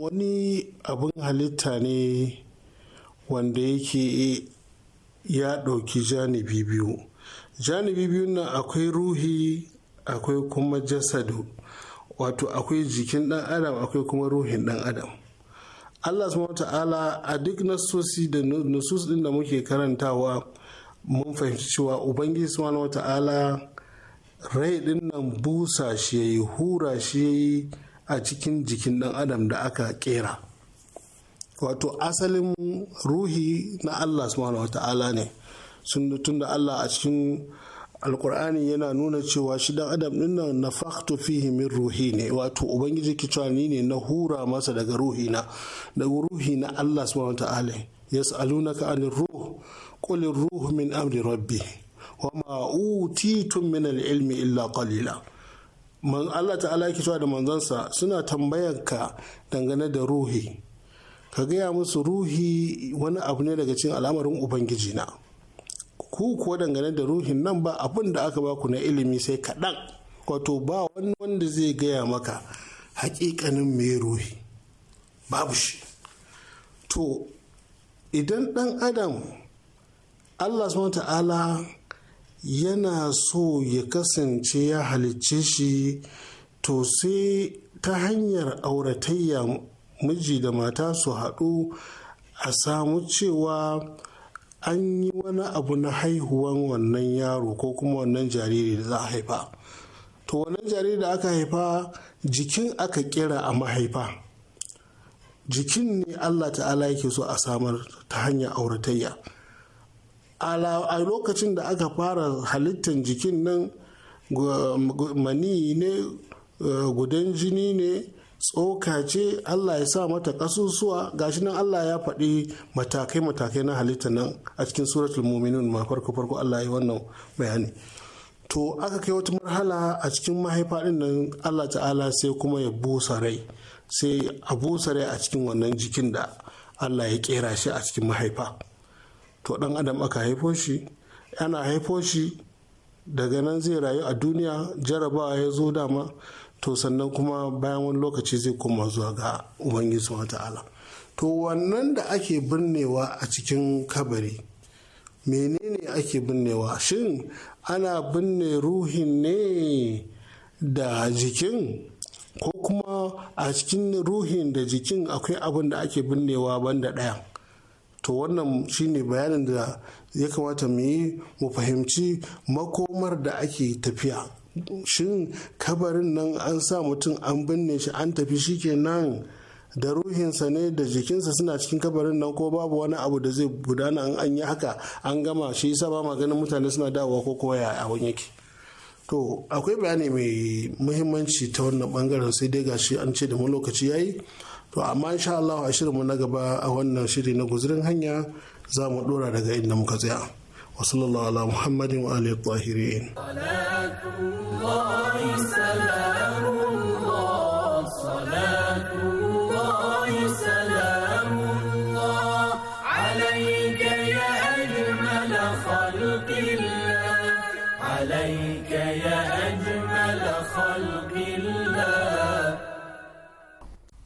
wani abin halitta ne wanda yake ya ɗauki janibi biyu janibi biyu na akwai ruhi akwai kuma jasadu wato akwai jikin ɗan adam akwai kuma ruhin ɗan adam Allah subhanahu ta'ala a duk nasosi da nusus din da muke karantawa mun fahimci cewa ubangiji subhanahu ta'ala rai din nan busa shi yayi hura shi yayi a cikin jikin dan adam da aka kera wato asalin ruhi na Allah subhanahu ta'ala ne sun tunda Allah a cikin alkur'ani yana nuna cewa shi dan adam din na faktu fihi min ruhi ne wato ubangiji ki ni ne na hura masa daga ruhi na daga ruhi na Allah subhanahu ta'ala yas'alunaka anir ruh qul ruhu min amri rabbi wa ma utitum min al-ilmi illa qalila man Allah ta'ala ki da manzansa suna tambayanka dangane da ruhi ka gaya musu ruhi wani abu ne daga cikin al'amarin ubangiji na ku kuwa dangane da ruhin nan ba abin da aka baku na ilimi sai kaɗan wato ba wani wanda zai gaya maka hakikanin mai ruhi babu shi to idan ɗan adam allah su ta'ala yana so ya kasance ya halicce shi to sai ta hanyar auratayya miji da mata su haɗu a samu cewa an yi wani abu na haihuwan wannan yaro ko kuma wannan jariri da za a haifa to wannan jariri da aka haifa jikin aka kira a mahaifa jikin ne allah ta'ala yake so a samar ta hanyar auratayya a lokacin da aka fara halittar jikin nan mani ne eh, gudan jini ne tsokace Allah ya sa mata kasusuwa gashi nan Allah ya faɗi matakai-matakai na halitta nan a cikin suratul muminun ma farko farko Allah ya wannan bayani to aka kai wata marhala a cikin mahaifa din nan Allah ta'ala sai kuma ya busa rai sai a busa rai a cikin wannan jikin da Allah ya kera shi a cikin mahaifa to dan adam aka haifo shi ana haifo shi daga nan zai rayu a duniya jarabawa ya zo dama to sannan kuma bayan wani lokaci zai koma zuwa ga ubangiji wa ta'ala to wannan da ake binnewa a cikin kabari menene ake binnewa shin ana binne ruhin ne da jikin ko kuma a cikin ruhin da jikin akwai abin da ake binnewa banda ɗaya to wannan shine bayanin da ya kamata mu yi mu fahimci makomar da ake tafiya shin kabarin nan an sa mutum an binne shi an tafi shi kenan da ruhinsa ne da jikinsa suna cikin kabarin nan ko babu wani abu da zai gudana in an yi haka an gama shi yasa ba maganin mutane suna dawowa ko kuma ya abun yake to akwai bayani mai muhimmanci ta wannan bangaren sai dai shi an ce da mu lokaci yayi to amma insha Allah a shirinmu na gaba a wannan shiri na guzurin hanya za mu dora daga inda muka tsaya. وصلى الله على محمد وآله الطاهرين صلاة الله سلام الله صلاة الله سلام الله عليك يا أجمل خلق الله عليك يا أجمل خلق الله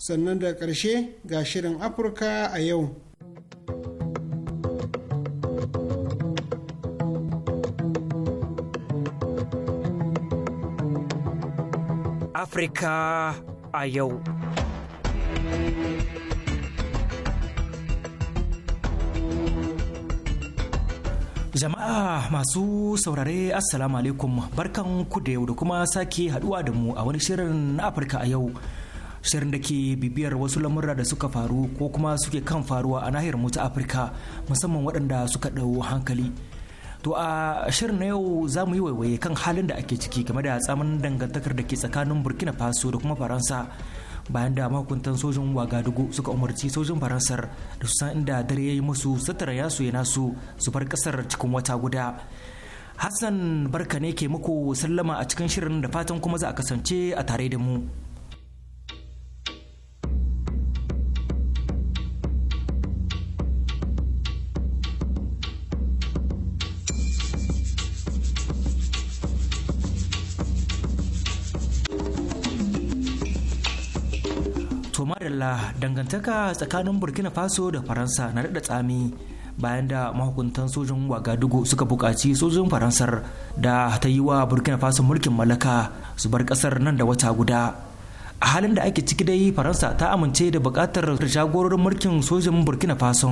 sannan da ƙarshe ga shirin afirka a yau Afrika a yau. Jama'a masu saurare Assalamu alaikum barkan ku da yau da kuma sake haduwa da mu a wani shirin na Afirka a yau. Shirin da ke bibiyar wasu lamurra da suka faru ko kuma suke kan faruwa a nahiyar mu ta Afirka musamman waɗanda suka ɗau hankali. To a shirin na yau za mu yi waiwaye kan halin da ake ciki game da tsamin dangantakar da ke tsakanin Burkina Faso da kuma Faransa bayan da mahukuntan sojin Wagadugu suka umarci sojin Faransar da su san inda dare ya yi musu satara ya su nasu su bar kasar cikin wata guda. Hassan barka ne ke muku sallama a cikin shirin da fatan kuma za a kasance a tare da mu. Allah dangantaka tsakanin burkina faso da faransa na daɗa tsami bayan da mahukuntan sojin wagadugu suka buƙaci sojin faransar da ta yi wa burkina faso mulkin mallaka su bar ƙasar nan da wata guda a halin da ake ciki dai faransa ta amince da buƙatar shagororin mulkin sojin burkina faso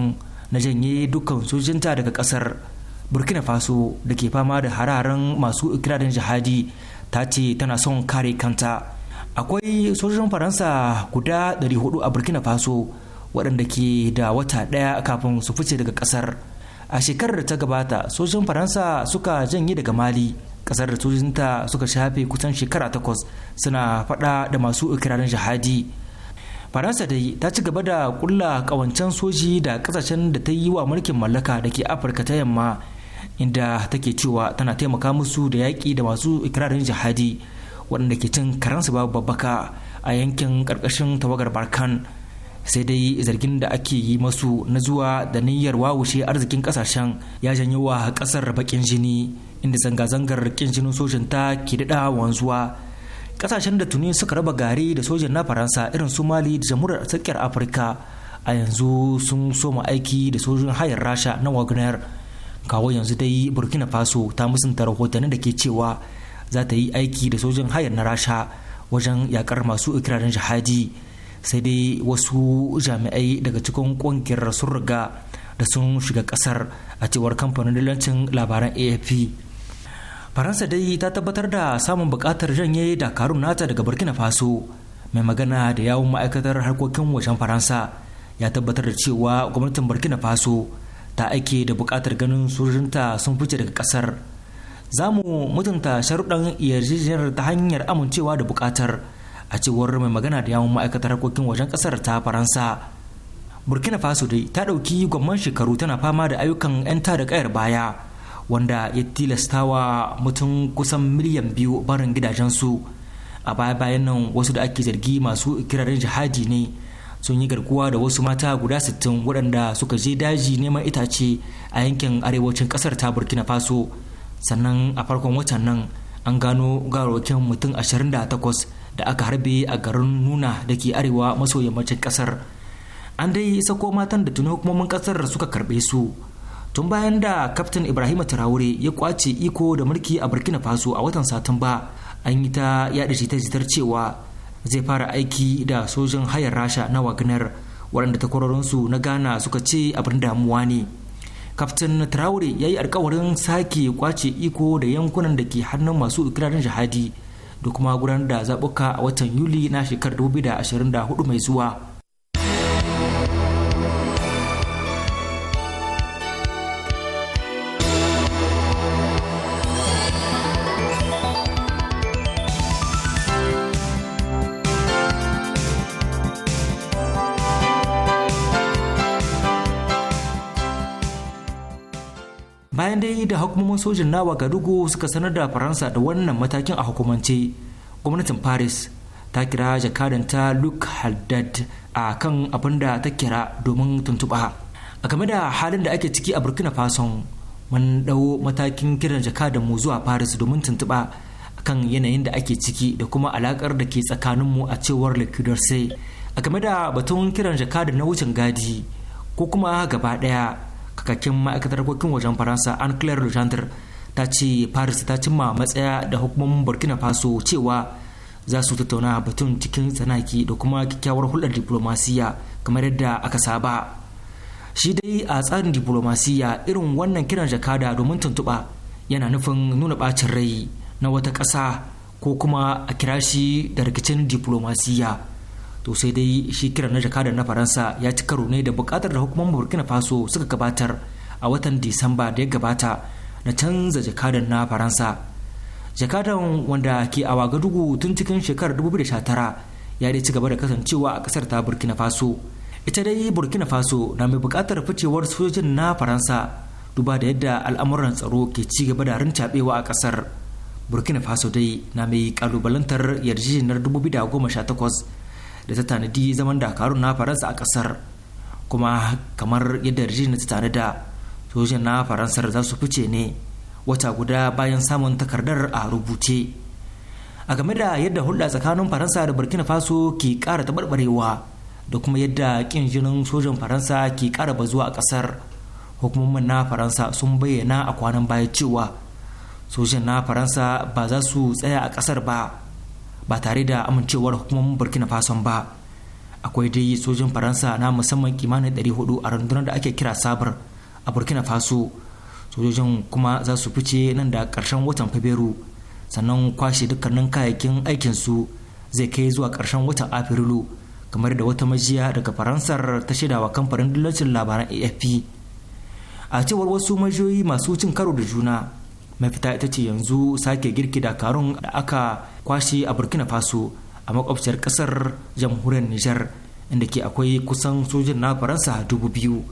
na janye dukkan sojinta daga ƙasar burkina faso da ke fama da hararen masu ikirarin jihadi ta ce tana son kare kanta akwai sojojin faransa guda 400 a burkina faso waɗanda ke da wata ɗaya kafin su fice daga ƙasar a shekarar da ta gabata sojojin faransa suka janye daga mali ƙasar da sojojinta suka shafe kusan shekara takwas suna faɗa da masu ikirarin jihadi faransa dai ta ci gaba da ƙulla ƙawancen soji da ƙasashen da ta yi wa mulkin mallaka da ke afirka ta yamma inda take cewa tana taimaka musu da yaƙi da masu ikirarin jihadi waɗanda ke cin karansu babu babbaka a yankin ƙarƙashin tawagar barkan sai dai zargin da ake yi masu na zuwa da niyyar wawushe arzikin ƙasashen ya janyo wa kasar bakin jini inda zanga-zangar kin jinin sojin ta ke daɗa wanzuwa ƙasashen da tuni suka raba gari da sojin na faransa irin su mali da jamhuriyar tsakiyar afirka a yanzu sun soma aiki da sojin hayar rasha na wagner kawo yanzu dai burkina faso ta musanta rahotanni da ke cewa za ta yi aiki da sojin hayar na rasha wajen yakar masu ikirarin jihadi sai dai wasu jami'ai daga cikin kungiyar sun riga da sun shiga kasar a cewar kamfanin dalancin labaran afp faransa dai ta tabbatar da samun bukatar janye dakarun nata daga burkina faso mai magana da yawon ma'aikatar harkokin wajen faransa ya tabbatar da cewa gwamnatin burkina faso ta aike da bukatar ganin sojinta sun fice daga kasar za mu mutunta sharuɗan yarjejeniyar ta hanyar amincewa da buƙatar a cewar mai magana da yawon ma'aikatar harkokin wajen ƙasar ta faransa burkina faso dai ta ɗauki gwamman shekaru tana fama da ayyukan 'yan ta da ƙayar baya wanda ya tilastawa mutum kusan miliyan biyu barin gidajensu a baya bayan nan wasu da ake zargi masu ikirarin jihadi ne sun yi garkuwa da wasu mata guda sittin waɗanda suka je daji neman itace a yankin arewacin ƙasar ta burkina faso sannan a farkon watan nan an gano garokin mutum 28 da aka harbe a garin nuna da ke arewa maso yammacin kasar an dai isa ko matan da tuni hukumomin kasar suka karbe su tun bayan da kaftin ibrahim turawure ya kwace iko da mulki a burkina faso a watan satumba an yi ta yada jitar cewa zai fara aiki da sojin hayar rasha na wagner waɗanda takwarorinsu na ghana suka ce abin damuwa ne kaftin traore ya yi alkawarin sake kwace iko da yankunan da ke hannun masu ikirarin jihadi da kuma gudanar da zaɓuka a watan yuli na shekarar 2024 mai zuwa bayan dai da hukumomin sojin ga wagadugu suka sanar da faransa da wannan matakin a hukumance gwamnatin paris ta kira jakadanta luc haddad a kan abin da ta kira domin tuntuɓa a game da halin da ake ciki a burkina faso mun dawo matakin kiran mu zuwa paris domin tuntuɓa kan yanayin da ake ciki da kuma alakar da ke tsakaninmu a cewar likidarse a game da batun kiran jakadan na wucin gadi ko kuma gaba ɗaya kakakin ma'aikatar harkokin wajen faransa an claire legendre ta ce paris ta cimma matsaya da hukumomin burkina faso cewa za su tattauna batun cikin tsanaki da kuma kyakkyawar hulɗar diplomasiya kamar yadda aka saba shi dai a tsarin diplomasiya irin wannan kiran jakada domin tuntuɓa yana nufin nuna bacin rai na wata ƙasa ko kuma a kira shi da rikicin diplomasiya to sai dai shi kiran na jakadar na faransa ya ci karo ne da bukatar da hukumar burkina faso suka gabatar a watan disamba da ya gabata na canza jakadar na faransa jakadan wanda ke a wagadugu tun cikin shekarar 2019 ya dai ci gaba da kasancewa a kasar ta burkina faso ita dai burkina faso na mai bukatar ficewar sojojin na faransa duba da yadda al'amuran tsaro ke ci gaba da rincabewa a kasar burkina faso dai na mai kalubalantar yarjejeniyar 2018 da ta tanadi zaman dakarun na faransa a kasar kuma kamar yadda yarjejeniyar ta tanada sojin na faransar za su fice ne wata guda bayan samun takardar a rubuce a game da yadda hulɗa tsakanin faransa da burkina faso ke ƙara taɓarɓarewa da kuma yadda ƙin jinin sojin faransa ke ƙara bazuwa a ƙasar hukumomin na faransa sun bayyana a kwanan baya cewa sojin na faransa ba za su tsaya a ƙasar ba ba tare da amincewar hukumomin burkina faso ba akwai dai sojin faransa na musamman kimanin 400 a rundunar da ake kira sabar a burkina faso sojojin kuma za su fice nan da karshen watan fabrairu sannan kwashe dukkanin kayayyakin aikinsu zai kai zuwa karshen watan afrilu kamar da wata majiya daga faransar ta shaidawa kamfanin dillacin labaran afp a cewar wasu majiyoyi masu cin karo da juna mafita ita ce yanzu sake girki dakarun da aka kwashe a burkina faso a makwabciyar kasar jamhuriyar nijar inda ke akwai kusan sojin na faransa dubu biyu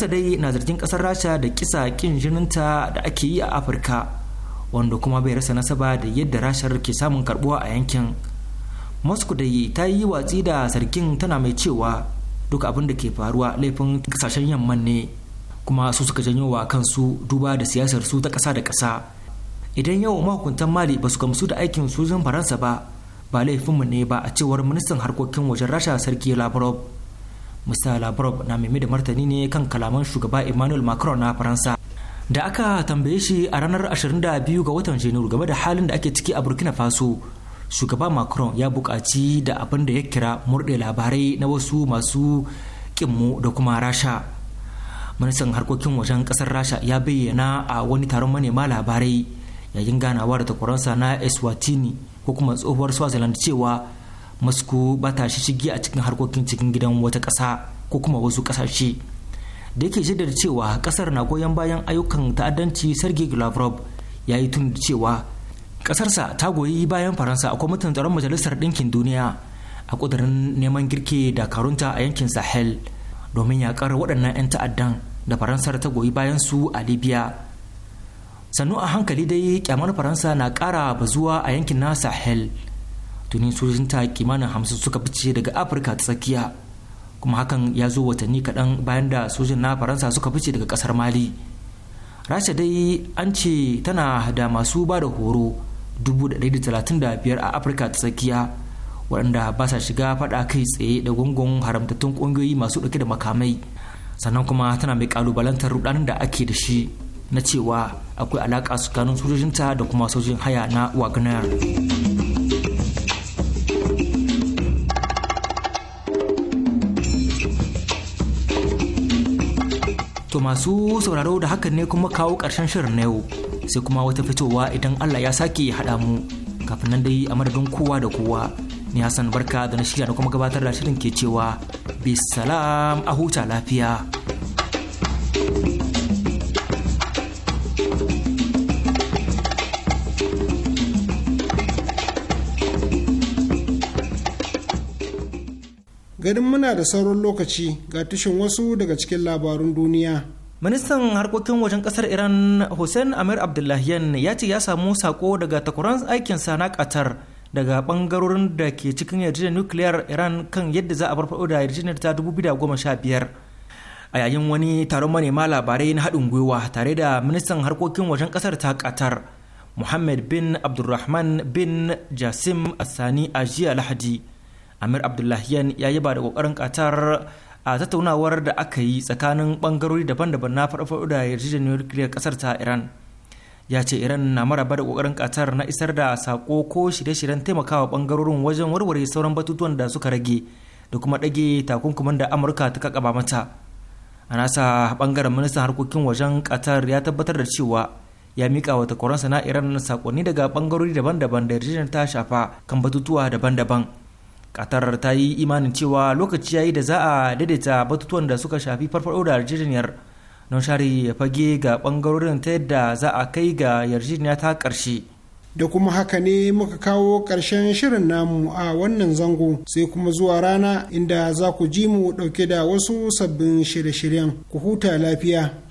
faransa dai na zargin kasar rasha da kisa kin jininta da ake yi a afirka wanda kuma bai rasa nasaba da yadda rashar ke samun karbuwa a yankin moscow dai ta yi watsi da zargin tana mai cewa duk abin da ke faruwa laifin kasashen yamman ne kuma su suka janyo wa kansu duba da siyasar su ta kasa da kasa idan yau mahukuntan mali ba su gamsu da aikin sojin faransa ba ba laifinmu ne ba a cewar ministan harkokin wajen rasha sarki lavrov Mr. labrov na maimai da martani ne kan kalaman shugaba Emmanuel Macron na Faransa. Da aka tambaye shi a ranar 22 ga watan Janairu game da halin da ake ciki a Burkina Faso, shugaba Macron ya buƙaci da abin da ya kira murɗe labarai na wasu masu ƙinmu da kuma rasha. Ministan harkokin wajen ƙasar rasha ya bayyana a wani taron manema labarai yayin ganawa da takwaransa na Eswatini ko kuma tsohuwar Swaziland cewa moscow ba ta shige a cikin harkokin cikin gidan wata ƙasa ko kuma wasu ƙasashe da yake jaddada cewa ƙasar na goyon bayan ayyukan ta'addanci sergei lavrov ya yi tun cewa ƙasarsa ta goyi bayan faransa a kwamitin tsaron majalisar ɗinkin duniya a ƙudurin neman girke karunta a yankin sahel domin yaƙar waɗannan 'yan ta'addan da faransar ta goyi bayan su a libya sannu a hankali dai kyamar faransa na ƙara bazuwa a yankin na sahel tuni sojojin ta kimanin hamsin suka fice daga afirka ta tsakiya kuma hakan ya zo watanni kaɗan bayan da sojin na faransa suka fice daga ƙasar mali rasha dai an ce tana da masu ba da horo biyar a afirka ta tsakiya waɗanda ba sa shiga faɗa kai tsaye da gungun haramtattun ƙungiyoyi masu ɗauke da makamai sannan kuma tana mai ƙalubalantar rudanin da ake da shi na cewa akwai alaƙa tsakanin sojojinta da kuma sojojin haya na wagner masu sauraro da hakan ne kuma kawo ƙarshen shirin na yau sai kuma wata fitowa idan Allah ya sake haɗa mu kafin nan dai a madadin kowa da kowa ni Hassan barka da na shirya da kuma gabatar da shirin ke cewa bisalam a huta lafiya. ganin muna da sauran lokaci ga tushen wasu daga cikin labarun duniya ministan harkokin wajen kasar iran hussein amir abdullahian ya ce ya samu sako daga takwaran sa na qatar daga bangarorin da ke cikin yarjejeniyar nukiliyar iran kan yadda za a bar farfado da yarjejeniyar ta biyar. a yayin wani taron manema labarai na haɗin gwiwa tare da ministan harkokin wajen kasar ta qatar muhammad bin abdulrahman bin jasim asani a jiya lahadi amir abdullahian ya yi ba da kokarin qatar a tattaunawar da aka yi tsakanin bangarori daban-daban na farfaɗo da yarjejeniyar nukiliyar ƙasar ta iran ya ce iran na maraba da ƙoƙarin katar na isar da sako ko shirye-shiryen taimakawa bangarorin wajen warware sauran batutuwan da suka rage da kuma ɗage takunkumin da amurka ta kakaba mata a nasa bangaren ministan harkokin wajen ƙatar ya tabbatar da cewa ya mika wa takwaransa na iran sakonni daga bangarori daban-daban da yarjejeniyar ta shafa kan batutuwa daban-daban qatar ta yi imanin cewa lokaci yayi da za a daidaita batutuwan da suka shafi farfaɗo da yarjejeniyar don share fage ga bangarorin ta yadda za a kai ga yarjejeniya ta ƙarshe da kuma haka ne muka kawo ƙarshen shirin namu a wannan zango sai kuma zuwa rana inda za ku ji mu ɗauke da wasu sabbin shirye-shiryen ku huta lafiya